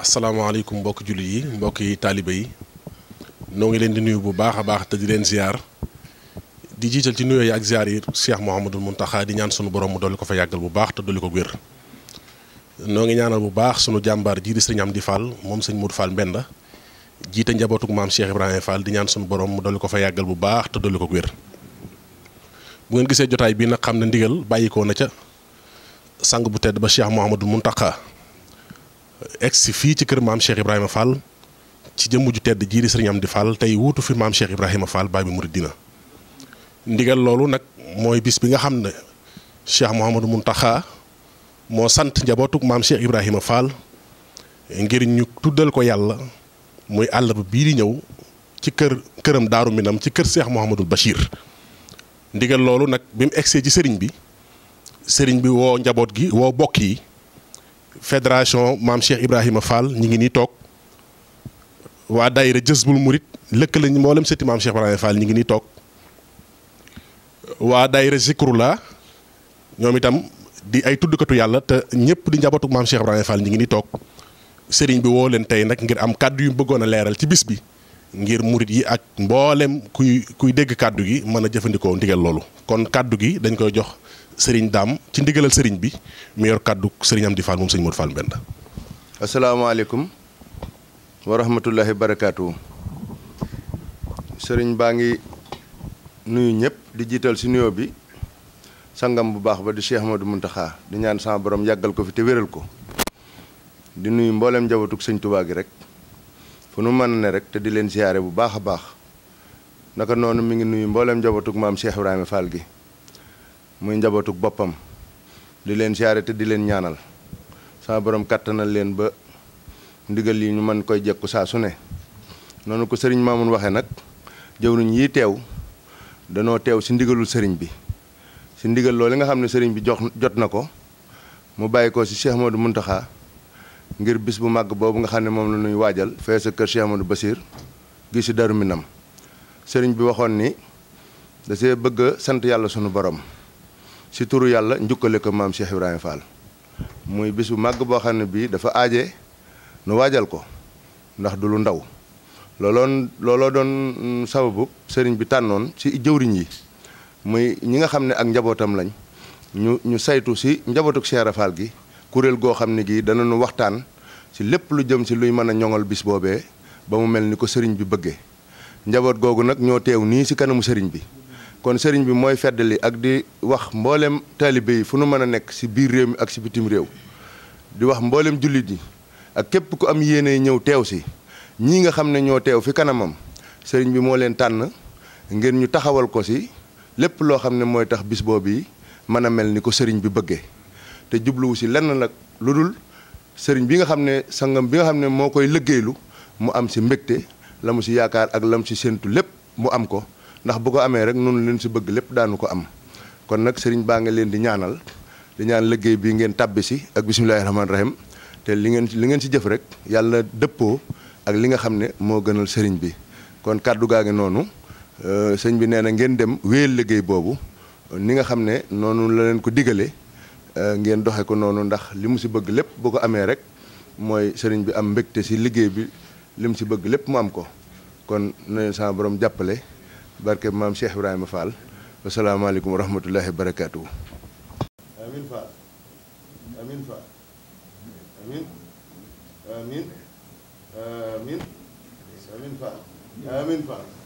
asalaamaaleykum mbokki jullit yi mbokki taalibe yi noo ngi leen di nuyu bu baax a baax te di leen ziar di jiital ci nuyoo yi ak ziar yi Cheikh Mouhamadul Mountakha di ñaan sunu borom mu dolli ko fa yàggal bu baax te dolli ko wér. noo ngi ñaanal bu baax sunu jàmbaar ji di sëñ Amdi Fall moom sëñ Modou Fall Mbenda jiite njabootug maam Cheikh Ibrahima Fall di ñaan sunu borom mu dolli ko fa yàggal bu baax te ko wér. ngeen gisee jotaay bi nag xam ne ndigal bàyyikoo na ca sang bu tedd ba Cheikh Mouhamadul Mountakha. ex fii ci kër maam Cheikh Ibrahima Fall ci jëmm ju tedd jiiri sëriñ Amdi Fall tey wuutu fi maam Cheikh Ibrahima Fall baay bi dina ndigal loolu nag mooy bis bi nga xam ne Cheikh Mouhamadou Mountakha moo sant njabootug maam Cheikh Ibrahima Fall ngir ñu tuddal ko yàlla muy àll ba bii di ñëw ci kër këram daaru minam ci kër Cheikh Mouhamadou Bachir ndigal loolu nag bi egsee ci sëriñ bi sëriñ bi woo njaboot gi woo bokk yi fédération maam Cheikh Ibrahima Fall ñu ngi nii toog waa daayira Jësbul Murit lëkkale ñu mboolem sëti maam Cheikh Ibrahima Fall ñu ngi nii toog waa daayira Zikrula ñoom itam di ay tuddkatu yàlla te ñëpp di njabootu maam Cheikh Ibrahima Fall ñu ngi nii toog sëriñ bi woo leen tey nag ngir am kàddu yu bëggoon a leeral ci bis bi. ngir murit yi ak mboolem kuy kuy dégg kàddu gi mën a jëfandikoo ndigal loolu kon kàddu gi dañ koy jox sëriñ daam ci ndigalal sëriñ bi mu yor kàddu sëriñ di Fall moom sëriñ Modou Fall Mbenda asalaamaaleykum wa rahmatullahi barakaatu sëriñ baa ngi nuyu ñëpp di jiital ci nuyoo bi sangam bu baax ba di Cheikh di Muntaxa di ñaan saa boroom yàggal ko fi te wéral ko di nuyu mboolem njabootug sëñ Tuubaa gi rek fu nu mën ne rek te di leen siyaare bu baax a baax naka noonu mi ngi nuyu mbooleem njabootug maam Cheikh Ibrahima Fall gi muy njabootug boppam di leen siyaare te di leen ñaanal sama borom kattanal leen ba ndigal yi ñu mën koy jekku saa su ne noonu ko sëriñ Mamoun waxee nag jëwriñ yi teew danoo teew si ndigalul sëriñ bi si ndigal loolu nga xam ne sëriñ bi jox jot na ko mu bàyyi ko si Cheikh du Mountakha ngir bis bu màgg boobu nga xam ne moom la ñuy waajal fee sa kër Cheikh Amadou Bassir gi si daru Minam sëriñ bi waxoon ni dasee bëgg a sant yàlla sunu borom si turu yàlla njukkale ko maam Cheikh Ibrahima Fall muy bis bu màgg boo xam ne bii dafa aaje nu waajal ko ndax du lu ndaw looloon looloo doon mm, sababu sëriñ bi tànnoon si jëwriñ yi muy ñi nga xam ne ak njabootam lañ ñu ñu saytu si njabootuk Cheikh Ibra gi kuréel goo xam ne gii danañu waxtaan ci lépp lu jëm si luy mën a ñoŋal bis boobee ba mu mel ni ko sëriñ bi bëggee njaboot googu nag ñoo teew nii ci kanamu sëriñ bi kon sëriñ bi mooy feddali ak di wax mboolem taalibe yi fu nu mën a nekk ci biir réew mi ak ci bitim réew di wax mboolem jullit yi ak képp ku am yéene ñëw teew si ñii nga xam ne ñoo teew fi kanamam sëriñ bi moo leen tànn ngeen ñu taxawal ko si lépp loo xam ne mooy tax bis boobu mën a mel ni ko sëriñ bi bëggee te jubluwu si lenn nag lu dul sëriñ bi nga xam ne sangam bi nga xam ne moo koy liggéeylu mu am si mbégte la mu si yaakaar ak la mu si séntu lépp mu am ko ndax bu ko amee rek noonu leen si bëgg lépp daanu ko am kon nag sëriñ baa nga leen di ñaanal di liggéey bi ngeen tàbbi si ak bisimilahi rahmaani rahim te li ngeen li ngeen si jëf rek yàlla dëppoo ak li nga xam ne moo gënal sëriñ bi kon kàddu gaa ngi noonu euh, sëñ bi nee na ngeen dem wéyal liggéey boobu ni nga xam ne noonu la leen ko digalee Euh, ngeen doxe ko noonu ndax li mu si bëgg lépp boo ko amee rek mooy sëriñ bi am mbégte si liggéey bi li mu si bëgg lépp mu am ko kon na leen sama borom jàppale barke maam Cheikh Ibrahima Fall asalaamaaleykum wa rahmatullahi wa barakaatu. amiin Fall amiin Fall amiin amiin amiin amiin Fall amiin Fall.